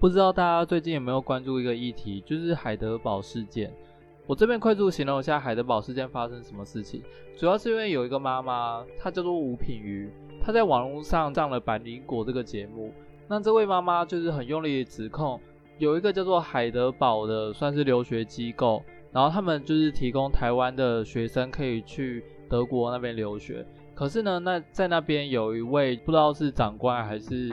不知道大家最近有沒有關注一個議題，就是海德堡事件。我這邊快速形容一下海德堡事件發生什麼事情，主要是因為有一個媽媽，她叫做吳品瑜，她在網絡上上上了《百靈果》這個節目。那這位媽媽就是很用力的指控，有一個叫做海德堡的算是留學機構，然後他們就是提供台灣的學生可以去德國那邊留學。可是呢，那在那邊有一位不知道是長官還是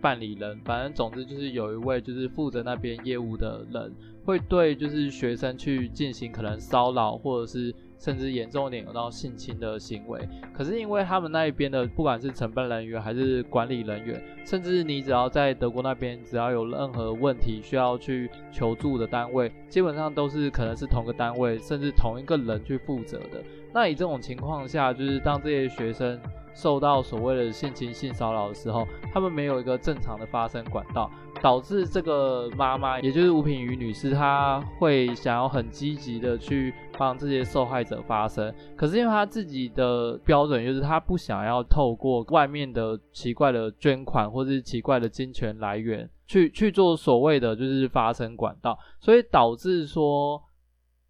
辦理人，反正總之就是有一位就是負責那邊業務的人。會對就是學生去進行可能騷擾，或者是甚至嚴重一點有到性侵的行為。可是因為他們那一邊的不管是承辦人員還是管理人員，甚至你只要在德國那邊，只要有任何問題需要去求助的單位，基本上都是可能是同個單位，甚至同一個人去負責的。那以這種情況下，就是當這些學生受到所謂的性侵、性騷擾的時候，他們沒有一個正常的發聲管道。導致這個媽媽，也就是吳品瑜女士，她會想要很積極的去幫這些受害者發聲。可是因為她自己的標準，就是她不想要透過外面的奇怪的捐款或者是奇怪的金錢來源，去去做所謂的就是發聲管道。所以導致說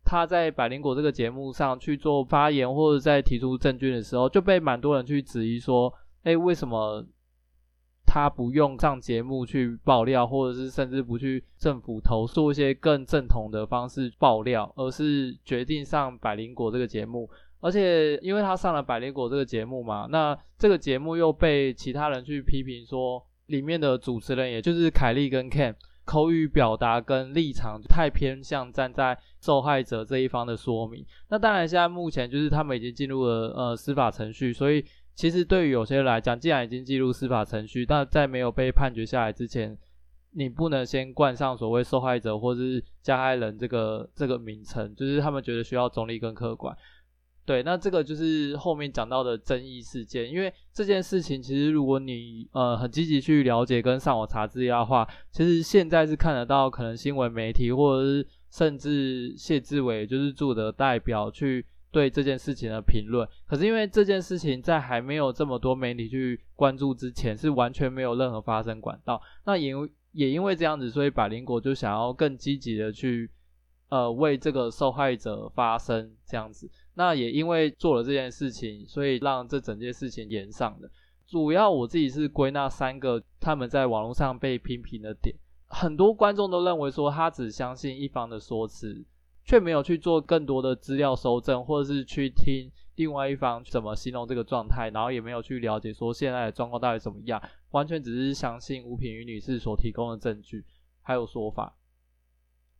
她在《百靈果》這個節目上去做發言或者在提出證據的時候，就被蠻多人去質疑說：“哎、欸，為什麼？”他不用上節目去爆料，或者是甚至不去政府投訴一些更正統的方式爆料，而是決定上《百靈果》這個節目。而且，因為他上了《百靈果》這個節目嘛，那這個節目又被其他人去批評說，裡面的主持人也就是凱莉跟 Ken 口語表達跟立場太偏向站在受害者這一方的說明。那當然，現在目前就是他們已經進入了呃司法程序，所以。其實對於有些人來講，既然已經進入司法程序，但在沒有被判決下來之前，你不能先冠上所謂受害者或是加害人這個這個名稱，就是他們覺得需要中立跟客觀。對，那這個就是後面講到的爭議事件，因為這件事情其實如果你呃很積極去了解跟上網查資料的話，其實現在是看得到可能新聞媒體或者是甚至謝志偉就是駐德代表去。對這件事情的評論，可是因為這件事情在還沒有這麼多媒體去關注之前，是完全沒有任何發聲管道。那也也因為這樣子，所以百靈果就想要更積極的去呃為這個受害者發聲這樣子。那也因為做了這件事情，所以讓這整件事情炎上了。主要我自己是歸納三個他們在網絡上被批評的點，很多觀眾都認為說他只相信一方的說辭，卻沒有去做更多的資料蒐證，或者是去聽另外一方怎麼形容這個狀態，然後也沒有去了解說現在的狀況到底怎麼樣，完全只是相信吳品瑜女士所提供的證據還有說法。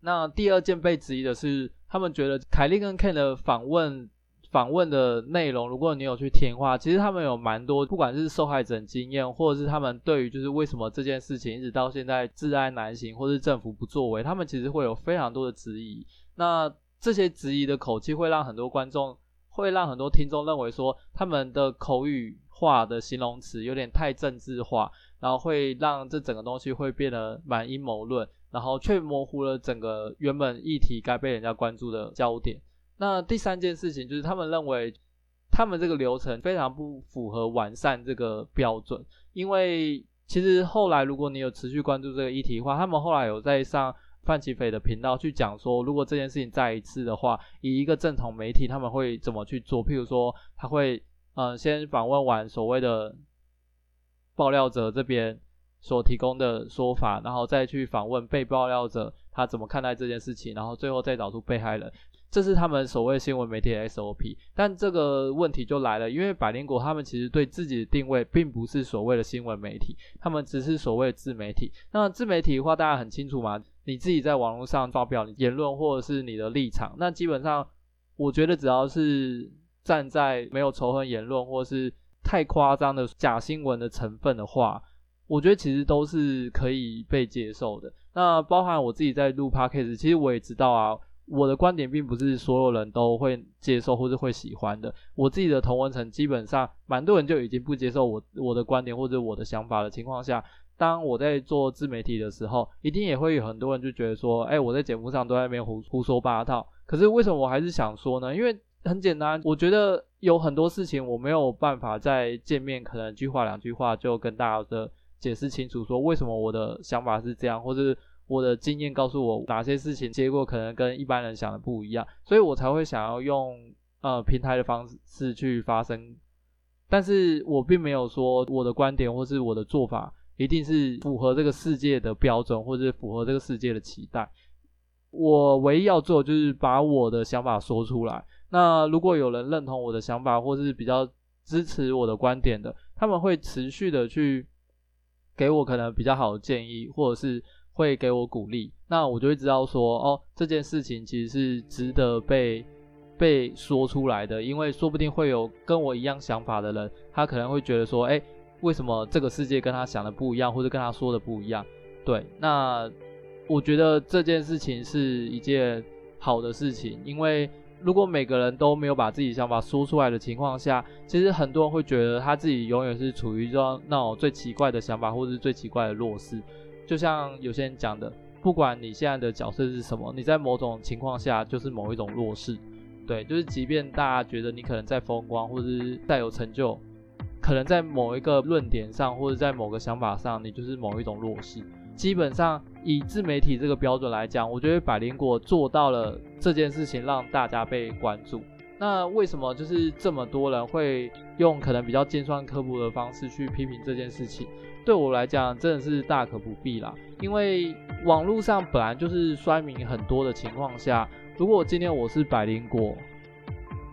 那第二件被質疑的是，他們覺得凱利跟 Ken 的訪問。訪問的內容，如果你有去聽的話，其實他們有蠻多，不管是受害者經驗，或者是他們對於就是為什麼這件事情一直到現在窒礙難行，或是政府不作為，他們其實會有非常多的質疑。那這些質疑的口氣，會讓很多觀眾，會讓很多聽眾認為說，他們的口語化的形容詞有點太政治化，然後會讓這整個東西會變得蠻陰謀論，然後卻模糊了整個原本議題該被人家關注的焦點。那第三件事情就是，他們認為他們這個流程非常不符合完善這個標準，因為其實後來如果你有持續關注這個議題的話，他們後來有在上范琪斐的頻道去講說，如果這件事情再一次的話，以一個正統媒體他們會怎麼去做？譬如說，他會嗯、呃、先訪問完所謂的爆料者這邊所提供的說法，然後再去訪問被爆料者他怎麼看待這件事情，然後最後再找出被害人。這是他們所謂新聞媒體的 SOP，但這個問題就來了，因為百靈果他們其實對自己的定位並不是所謂的新聞媒體，他們只是所謂的自媒體。那自媒體的話，大家很清楚嘛，你自己在網絡上發表言論或者是你的立場，那基本上我覺得只要是站在沒有仇恨言論或者是太誇張的假新聞的成分的話，我覺得其實都是可以被接受的。那包含我自己在錄 podcast，其實我也知道啊。我的觀點並不是所有人都會接受或者會喜歡的。我自己的同溫層基本上，蠻多人就已經不接受我我的觀點或者我的想法的情況下，當我在做自媒體的時候，一定也會有很多人就覺得說，哎，我在節目上都在那邊胡胡說八道。可是為什麼我還是想說呢？因為很簡單，我覺得有很多事情我沒有辦法在見面，可能一句話兩句話就跟大家的解釋清楚，說為什麼我的想法是這樣，或者。我的經驗告訴我，哪些事情結果可能跟一般人想的不一樣，所以我才會想要用呃平台的方式去發聲。但是我並沒有說我的觀點或是我的做法一定是符合這個世界的標準或是符合這個世界的期待。我唯一要做就是把我的想法說出來。那如果有人認同我的想法或是比較支持我的觀點的，他們會持續的去給我可能比較好的建議，或者是。會給我鼓勵，那我就會知道說，哦，這件事情其實是值得被被說出來的，因為說不定會有跟我一樣想法的人，他可能會覺得說，誒，為什麼這個世界跟他想的不一樣，或者跟他說的不一樣？對，那我覺得這件事情是一件好的事情，因為如果每個人都沒有把自己想法說出來的情況下，其實很多人會覺得他自己永遠是處於這種那種最奇怪的想法，或者最奇怪的弱勢。就像有些人講的，不管你現在的角色是什麼，你在某種情況下就是某一種弱勢。對，就是即便大家覺得你可能在風光，或者是帶有成就，可能在某一個論點上，或者在某個想法上，你就是某一種弱勢。基本上以自媒體這個標準來講，我覺得百靈果做到了這件事情，讓大家被關注。那為什麼就是這麼多人會用可能比較尖酸刻薄的方式去批評這件事情？對我來講，真的是大可不必啦。因為網絡上本來就是酸民很多的情況下，如果今天我是百靈果，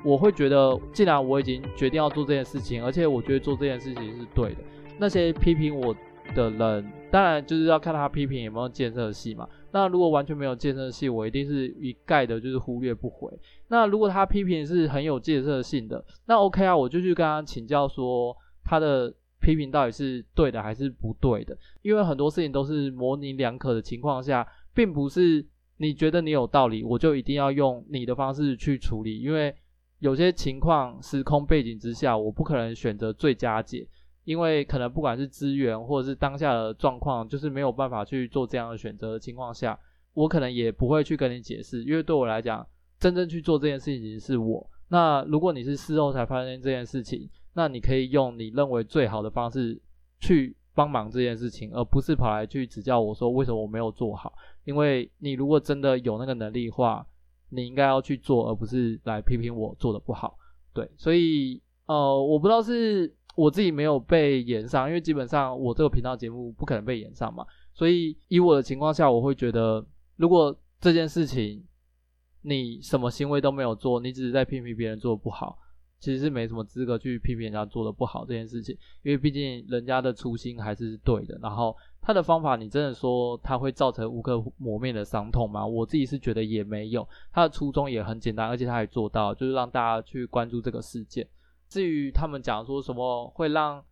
我會覺得既然我已經決定要做這件事情，而且我覺得做這件事情是對的，那些批評我的人。當然就是要看他批評有沒有建設性嘛。那如果完全沒有建設性，我一定是一概的就是忽略不回。那如果他批評是很有建設性的，那 OK 啊，我就去跟他請教說他的批評到底是對的還是不對的。因為很多事情都是模棱兩可的情況下，並不是你覺得你有道理，我就一定要用你的方式去處理。因為有些情況，時空背景之下，我不可能選擇最佳解。因為可能不管是資源或者是當下的狀況，就是沒有辦法去做這樣的選擇的情況下，我可能也不會去跟你解釋，因為對我來講，真正去做這件事情是我。那如果你是事後才發現這件事情，那你可以用你認為最好的方式去幫忙這件事情，而不是跑來去指教我說為什麼我沒有做好。因為你如果真的有那個能力的話，你應該要去做，而不是來批評我做得不好。對，所以呃，我不知道是。我自己沒有被炎上，因為基本上我這個頻道節目不可能被炎上嘛。所以以我的情況下，我會覺得，如果這件事情你什麼行為都沒有做，你只是在批評，評別人做得不好，其實是沒什麼資格去批評，評人家做得不好這件事情，因為畢竟人家的初心還是對的。然後他的方法，你真的說他會造成無可磨滅的傷痛嗎？我自己是覺得也沒有，他的初衷也很簡單，而且他也做到，就是讓大家去關注這個事件。至於他們講說什麼會讓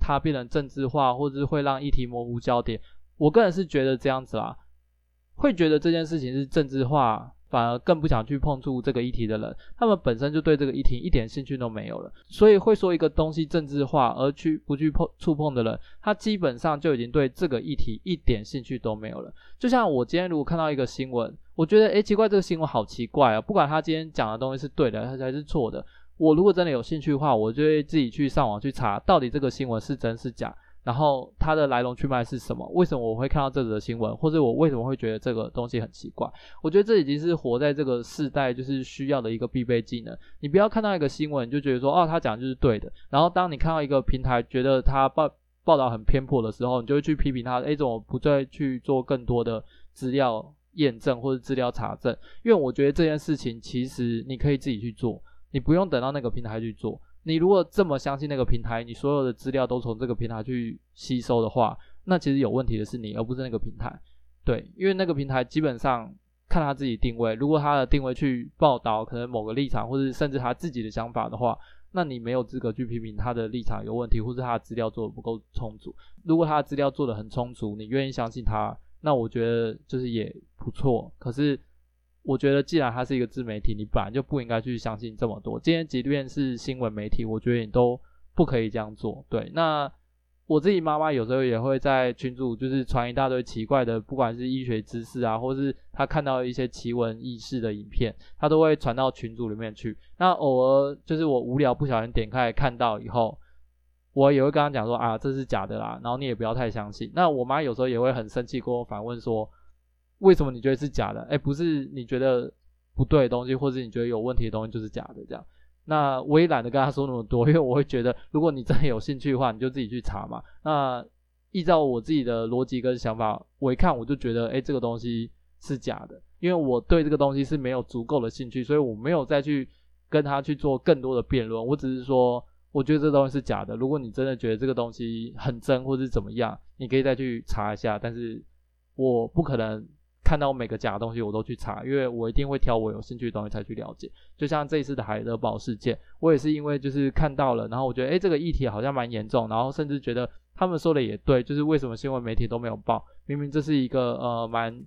它變成政治化，或者是會讓議題模糊焦點，我個人是覺得這樣子啦。會覺得這件事情是政治化，反而更不想去碰觸這個議題的人，他們本身就對這個議題一點興趣都沒有了。所以會說一個東西政治化而去不去碰觸碰的人，他基本上就已經對這個議題一點興趣都沒有了。就像我今天如果看到一個新聞，我覺得哎，奇怪，這個新聞好奇怪啊！不管他今天講的東西是對的還是錯的。我如果真的有興趣的話，我就會自己去上網去查，到底這個新聞是真是假，然後它的來龍去脈是什麼，為什麼我會看到這則新聞，或者我為什麼會覺得這個東西很奇怪。我覺得這已經是活在這個世代就是需要的一個必備技能。你不要看到一個新聞就覺得說，哦，他講的就是對的。然後當你看到一個平台覺得他報報道很偏頗的時候，你就會去批評他，欸，怎麼不再去做更多的資料驗證或者資料查證，因為我覺得這件事情其實你可以自己去做。你不用等到那個平台去做。你如果這麼相信那個平台，你所有的資料都從這個平台去吸收的話，那其實有問題的是你，而不是那個平台。對，因為那個平台基本上看他自己定位。如果他的定位去報道，可能某個立場，或是甚至他自己的想法的話，那你沒有資格去批評他的立場有問題，或是他的資料做得不夠充足。如果他的資料做得很充足，你願意相信他，那我覺得就是也不錯。可是。我覺得，既然他是一個自媒體，你本來就不應該去相信這麼多。今天即便是新聞媒體，我覺得你都不可以這樣做。對，那我自己媽媽有時候也會在群組，就是傳一大堆奇怪的，不管是醫學知識啊，或是她看到一些奇聞異事的影片，她都會傳到群組裡面去。那偶爾就是我無聊，不小心點開看到以後，我也會跟她講說啊，這是假的啦，然後你也不要太相信。那我媽有時候也會很生氣，跟我反問說。為什麼你覺得是假的？欸，不是你覺得不對的東西，或是你覺得有問題的東西就是假的這樣。那我也懶得跟他說那麼多，因為我會覺得，如果你真的有興趣的話，你就自己去查嘛。那依照我自己的邏輯跟想法，我一看我就覺得，欸，這個東西是假的，因為我對這個東西是沒有足夠的興趣，所以我沒有再去跟他去做更多的辯論。我只是說，我覺得這個東西是假的。如果你真的覺得這個東西很真，或是怎麼樣，你可以再去查一下。但是我不可能。看到每個假的東西，我都去查，因為我一定會挑我有興趣的東西才去了解。就像這一次的海德堡事件，我也是因為就是看到了，然後我覺得，誒、欸，這個議題好像蠻嚴重，然後甚至覺得他們說的也對，就是為什麼新聞媒體都沒有報，明明這是一個呃蠻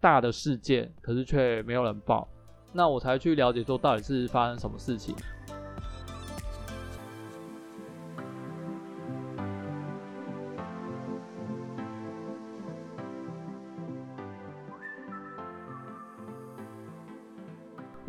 大的事件，可是卻沒有人報，那我才去了解說到底是發生什麼事情。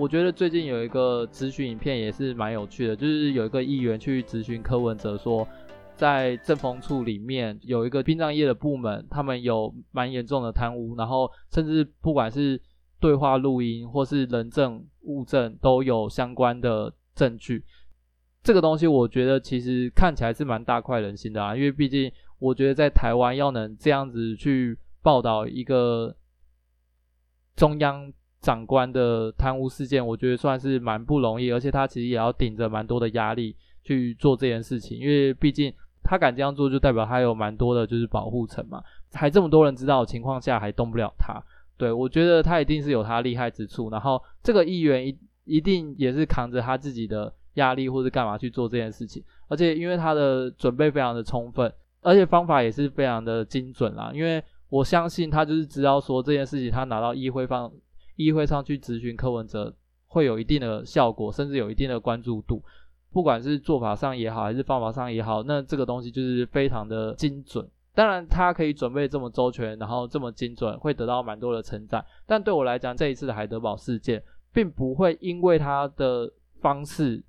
我覺得最近有一個質詢影片，也是蠻有趣的。就是有一個議員去質詢柯文哲說，說在政風處裡面有一個殯葬業的部門，他們有蠻嚴重的貪污，然後甚至不管是對話錄音或是人證物證都有相關的證據。這個東西我覺得其實看起來是蠻大快人心的啊，因為畢竟我覺得在台灣要能這樣子去報道一個中央。長官的貪污事件，我覺得算是蠻不容易，而且他其實也要頂着蠻多的壓力去做這件事情，因為畢竟他敢這樣做，就代表他有蠻多的就是保護層嘛，還這麼多人知道的情況下還動不了他。對，我覺得他一定是有他厲害之處，然後這個議員一一定也是扛着他自己的壓力或是幹嘛去做這件事情，而且因為他的準備非常的充分，而且方法也是非常的精準啦，因為我相信他就是知道說這件事情，他拿到議會放。議會上去質詢柯文哲會有一定的效果，甚至有一定的關注度。不管是做法上也好，還是方法上也好，那這個東西就是非常的精準。當然，他可以準備這麼周全，然後這麼精準，會得到蠻多的稱讚。但對我來講，這一次的海德堡事件，並不會因為他的方式，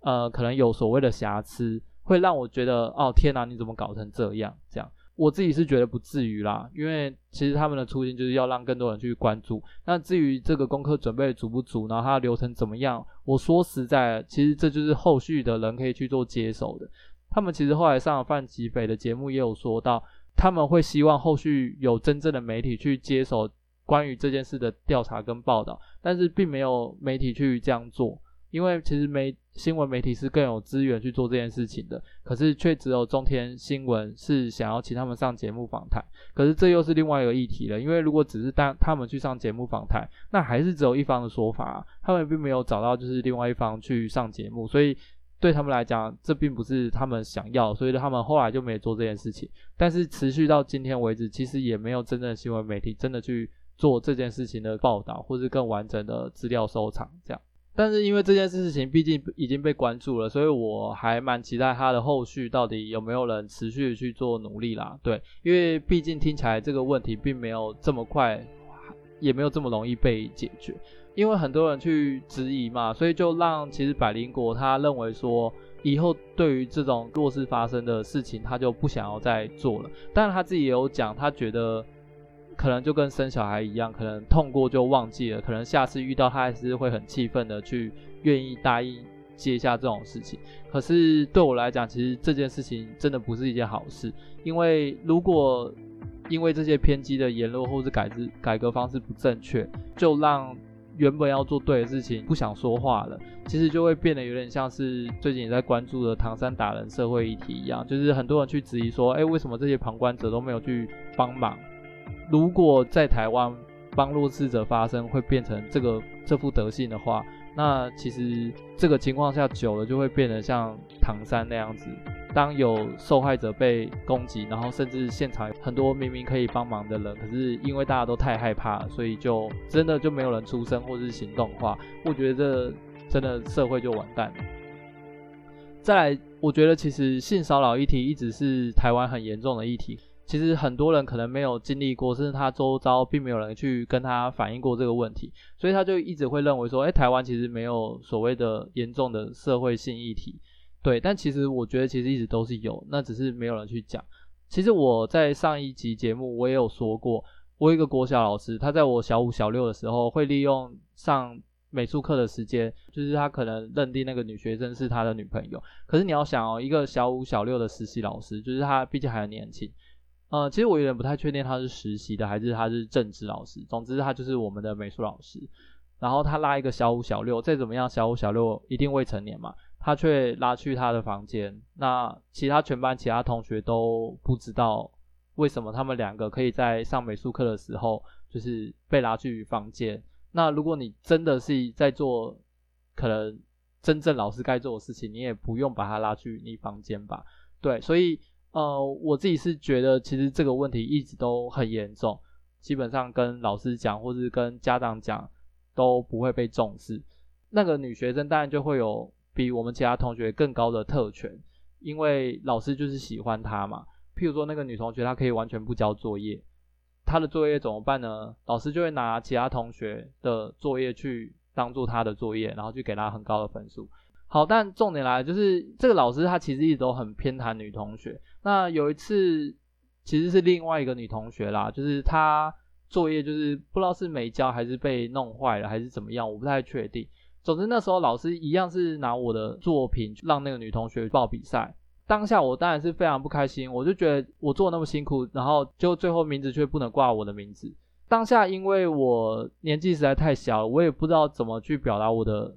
呃，可能有所謂的瑕疵，會讓我覺得，哦，天哪、啊，你怎麼搞成這樣，這樣。我自己是覺得不至於啦，因為其實他們的初心就是要讓更多人去關注。那至於這個功課準備的足不足，然後它的流程怎麼樣，我說實在，其實這就是後續的人可以去做接手的。他們其實後來上了范琪斐的節目也有說到，他們會希望後續有真正的媒體去接手關於這件事的調查跟報道，但是並沒有媒體去這樣做。因為其實媒新聞媒體是更有資源去做這件事情的，可是卻只有中天新聞是想要請他們上節目訪談，可是這又是另外一個議題了。因為如果只是當他們去上節目訪談，那還是只有一方的說法啊，他們並沒有找到就是另外一方去上節目，所以對他們來講，這並不是他們想要，所以他們後來就沒做這件事情。但是持續到今天為止，其實也沒有真正的新聞媒體真的去做這件事情的報道，或是更完整的資料收藏，這樣。但是因為這件事情畢竟已經被關注了，所以我還蠻期待他的後續到底有沒有人持續去做努力啦。對，因為畢竟聽起來這個問題並沒有這麼快，也沒有這麼容易被解決，因為很多人去質疑嘛，所以就讓其實百靈果他認為說，以後對於這種弱勢發生的事情，他就不想要再做了。但是他自己也有講，他覺得。可能就跟生小孩一樣，可能痛過就忘記了，可能下次遇到他還是會很氣憤的去願意答應接下這種事情。可是對我來講，其實這件事情真的不是一件好事，因為如果因為這些偏激的言論或是改制改革方式不正確，就讓原本要做對的事情不想說話了，其實就會變得有點像是最近也在關注的唐山打人社會議題一樣，就是很多人去質疑說，哎、欸，為什麼這些旁觀者都沒有去幫忙？如果在台灣幫弱勢者發聲會變成這個這副德性的話，那其實這個情況下久了就會變得像唐山那樣子。當有受害者被攻擊，然後甚至現場很多明明可以幫忙的人，可是因為大家都太害怕，所以就真的就沒有人出聲或是行動的話，我覺得這真的社會就完蛋了。再來，我覺得其實性騷擾議題一直是台灣很嚴重的議題。其實很多人可能沒有經歷過，甚至他周遭並沒有人去跟他反映過這個問題，所以他就一直會認為說，誒、欸，台灣其實沒有所謂的嚴重的社會性議題。對，但其實我覺得其實一直都是有，那只是沒有人去講。其實我在上一集節目我也有說過，我有一個國小老師，他在我小五小六的時候會利用上美術課的時間，就是他可能認定那個女學生是他的女朋友。可是你要想哦，一個小五小六的實習老師，就是他畢竟還很年輕。呃、嗯，其實我有點不太確定他是實習的還是他是正職老師。總之他就是我們的美術老師，然後他拉一個小五小六，再怎麼樣小五小六一定未成年嘛，他卻拉去他的房間。那其他全班其他同學都不知道為什麼他們兩個可以在上美術課的時候就是被拉去房間。那如果你真的是在做可能真正老師該做的事情，你也不用把他拉去你房間吧？對，所以。呃，我自己是覺得，其實這個問題一直都很嚴重，基本上跟老師講或是跟家長講都不會被重視。那個女學生當然就會有比我們其他同學更高的特權，因為老師就是喜歡她嘛。譬如說那個女同學，她可以完全不交作業，她的作業怎麼辦呢？老師就會拿其他同學的作業去當做她的作業，然後去給她很高的分數。好，但重點來，就是這個老師他其實一直都很偏袒女同學。那有一次其實是另外一個女同學啦，就是她作業就是不知道是沒交還是被弄壞了還是怎麼樣，我不太確定。總之那時候老師一樣是拿我的作品讓那個女同學報比賽。當下我當然是非常不開心，我就覺得我做得那麼辛苦，然後就最後名字卻不能掛我的名字。當下因為我年紀實在太小，我也不知道怎麼去表達我的。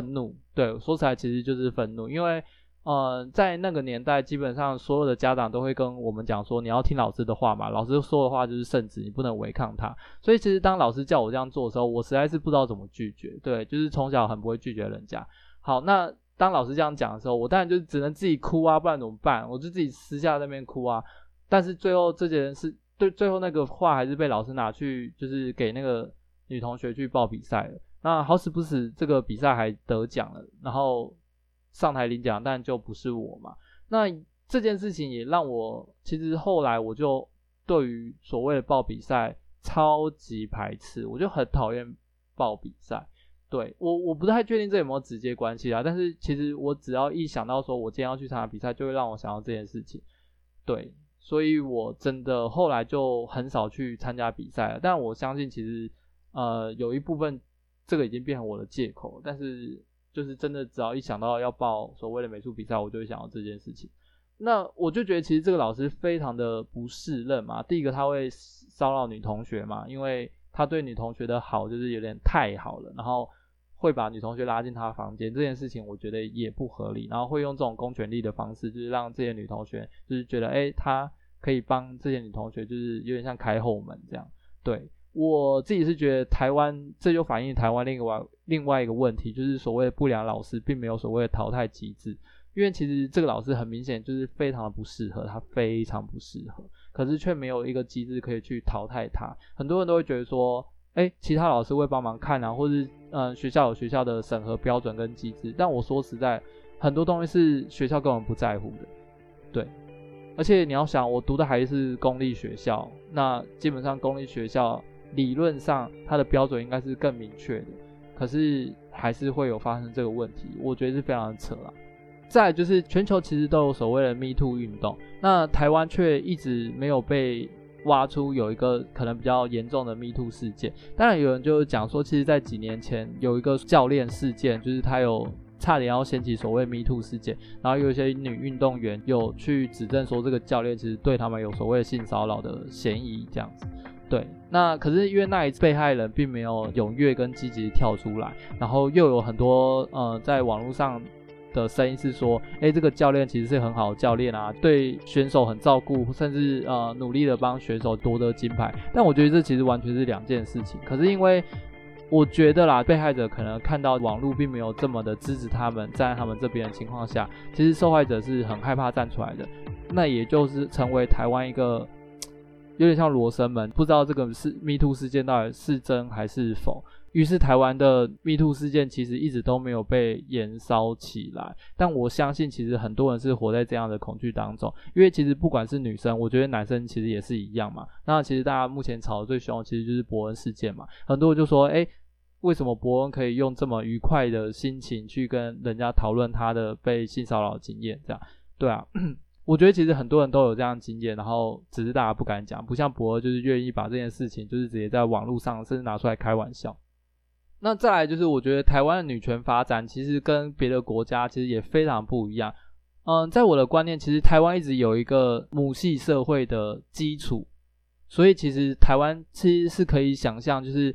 憤怒，對，說起來其實就是憤怒，因為，呃，在那個年代，基本上所有的家長都會跟我們講說，你要聽老師的話嘛，老師說的話就是聖旨，你不能違抗他。所以，其實當老師叫我這樣做的時候，我實在是不知道怎麼拒絕，對，就是從小很不會拒絕人家。好，那當老師這樣講的時候，我當然就只能自己哭啊，不然怎麼辦？我就自己私下在那邊哭啊。但是最後，這些人是對，最後那個畫還是被老師拿去，就是給那個女同學去報比賽了。那好死不死，這個比賽還得獎了，然後上台領獎，但就不是我嘛。那這件事情也讓我其實後來我就對於所謂的報比賽超級排斥，我就很討厭報比賽。對，我我不太確定這有沒有直接關係啊，但是其實我只要一想到說我今天要去參加比賽，就會讓我想到這件事情。對，所以我真的後來就很少去參加比賽了。但我相信其實呃有一部分。這個已經變成我的借口，但是就是真的，只要一想到要報所謂的美術比賽，我就會想到這件事情。那我就覺得其實這個老師非常的不適任嘛。第一個，他會騷擾女同學嘛，因為他對女同學的好就是有點太好了，然後會把女同學拉進他房間這件事情，我覺得也不合理。然後會用這種公權力的方式，就是讓這些女同學就是覺得，誒，他可以幫這些女同學，就是有點像開後門這樣，對。我自己是覺得台灣，這就反映台灣另外另外一個問題，就是所謂的不良老師，並沒有所謂的淘汰機制。因為其實這個老師很明顯就是非常的不適合他，他非常不適合，可是卻沒有一個機制可以去淘汰他。很多人都會覺得說，哎、欸，其他老師會幫忙看啊，或是嗯，學校有學校的審核標準跟機制。但我說實在，很多東西是學校根本不在乎的，對。而且你要想，我讀的還是公立學校，那基本上公立學校。理論上，它的標準應該是更明確的，可是還是會有發生這個問題，我覺得是非常的扯了啊。再來就是全球其實都有所謂的 “Me Too” 運動，那台灣卻一直沒有被挖出有一個可能比較嚴重的 “Me Too” 事件。當然，有人就講說，其實，在幾年前有一個教練事件，就是他有差點要掀起所謂 “Me Too” 事件，然後有一些女運動員有去指證說，這個教練其實對他們有所謂性騷擾的嫌疑這樣子。對，那可是因為那一次被害人並沒有踴躍跟積極跳出來，然後又有很多呃在網絡上的聲音是說，誒，這個教練其實是很好的教練啊，對選手很照顧，甚至呃努力的幫選手奪得金牌。但我覺得這其實完全是兩件事情。可是因為我覺得啦，被害者可能看到網絡並沒有這麼的支持他們，站在他們這邊的情況下，其實受害者是很害怕站出來的。那也就是成為台灣一個。有點像羅生門，不知道這個是 MeToo 事件到底是真還是否。於是台灣的 MeToo 事件其實一直都沒有被延燒起來。但我相信，其實很多人是活在這樣的恐懼當中，因為其實不管是女生，我覺得男生其實也是一樣嘛。那其實大家目前吵得最的最凶，其實就是博恩事件嘛。很多人就說，誒、欸，為什麼博恩可以用這麼愉快的心情去跟人家討論他的被性騷擾經驗？這樣，對啊。 我覺得其實很多人都有這樣經驗，然後只是大家不敢講，不像博就是願意把這件事情就是直接在網絡上甚至拿出來開玩笑。那再來就是我覺得台灣的女權發展其實跟別的國家其實也非常不一樣。嗯，在我的觀念，其實台灣一直有一個母系社會的基礎，所以其實台灣其實是可以想象就是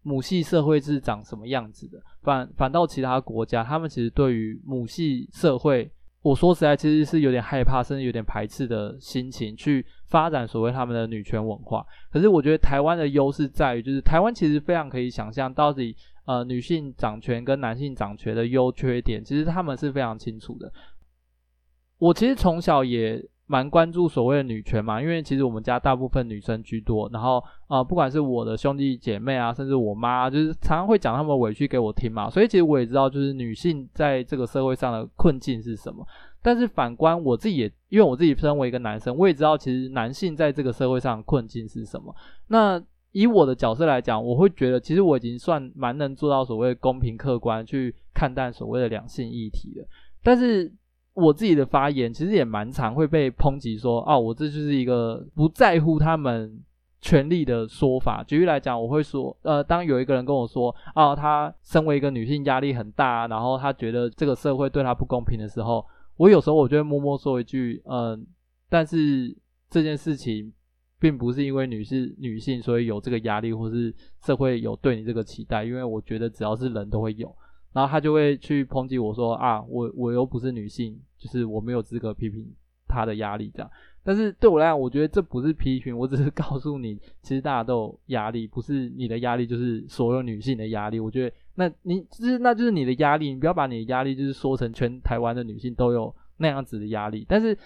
母系社會是長什麼樣子的。反反倒其他國家，他們其實對於母系社會。我說實在，其實是有點害怕，甚至有點排斥的心情去發展所謂他們的女權文化。可是我覺得台灣的優勢在於，就是台灣其實非常可以想象到底，呃，女性掌權跟男性掌權的優缺點，其實他們是非常清楚的。我其實從小也。蠻關注所謂的女權嘛，因為其實我們家大部分女生居多，然後啊、呃，不管是我的兄弟姐妹啊，甚至我媽、啊，就是常常會講他們委屈給我聽嘛，所以其實我也知道，就是女性在這個社會上的困境是什麼。但是反觀我自己也，也因為我自己身為一個男生，我也知道其實男性在這個社會上的困境是什麼。那以我的角色來講，我會覺得其實我已經算蠻能做到所謂公平客觀去看待所謂的兩性議題了，但是。我自己的發言其實也蠻常，會被抨擊說啊、哦，我這就是一個不在乎他們權利的說法。舉例來講，我會說，呃，當有一個人跟我說啊、呃，他身為一個女性壓力很大，然後他覺得這個社會對他不公平的時候，我有時候我就會默默說一句，嗯、呃，但是這件事情並不是因為女性，女性所以有這個壓力，或是社會有對你這個期待，因為我覺得只要是人都會有。然後他就會去抨擊我說啊，我我又不是女性，就是我沒有資格批評她的壓力這樣。但是對我來講，我覺得這不是批評，我只是告訴你，其實大家都有壓力，不是你的壓力，就是所有女性的壓力。我覺得那你就是，那就是你的壓力，你不要把你的壓力就是說成全台灣的女性都有那樣子的壓力。但是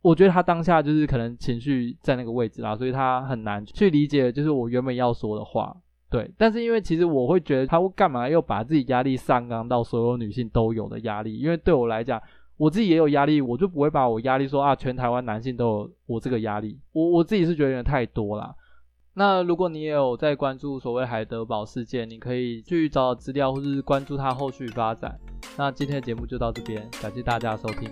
我覺得他當下就是可能情緒在那個位置啦，所以他很難去理解就是我原本要說的話。對，但是因為其實我會覺得他會幹嘛，又把自己壓力上綱到所有女性都有的壓力。因為對我來講，我自己也有壓力，我就不會把我壓力說啊，全台灣男性都有我這個壓力。我我自己是覺得有點太多了。那如果你也有在關注所謂海德堡事件，你可以去找，找資料或者是關注它後續發展。那今天的節目就到這邊，感謝大家的收聽。